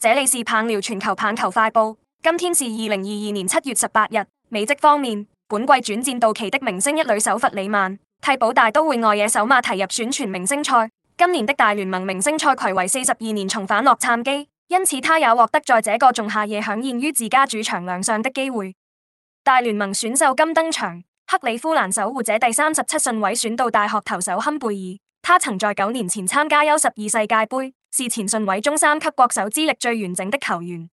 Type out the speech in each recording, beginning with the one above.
這裏是棒聊全球棒球快報，今天是二零二二年七月十八日。美職方面，本季轉戰道奇的明星一壘手弗里曼，替補大都會外野手馬提入選全明星賽。今年的大聯盟明星賽睽違四十二年重返洛杉磯，因此他也獲得在這個仲夏夜饗宴於自家主場亮相的機會。大聯盟選秀今登場，克里夫蘭守護者第三十七順位選到大學投手坎貝爾，他曾在九年前參加優十二世界杯。是前順位中三級國手資歷最完整的球員，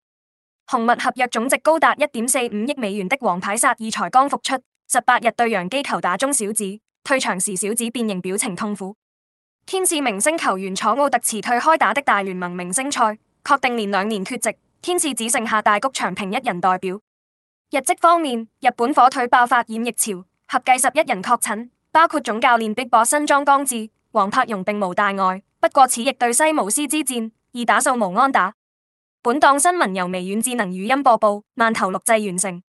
紅襪合約總值高達一點四五億美元的王牌薩爾才剛復出，十八日對洋基球，打中小指，退場時小指變形，表情痛苦。天使明星球員楚奧特辭退開打的大聯盟明星賽，確定連兩年缺席。天使只剩下大谷長平一人代表。日籍方面，日本火腿爆發染疫潮，合計十一人確診，包括總教練碧波新莊剛志。王柏榮，並無大礙。不過此役對西姆斯之戰，二打數無安打。本檔新聞由微軟智能語音播報，萬頭錄製完成。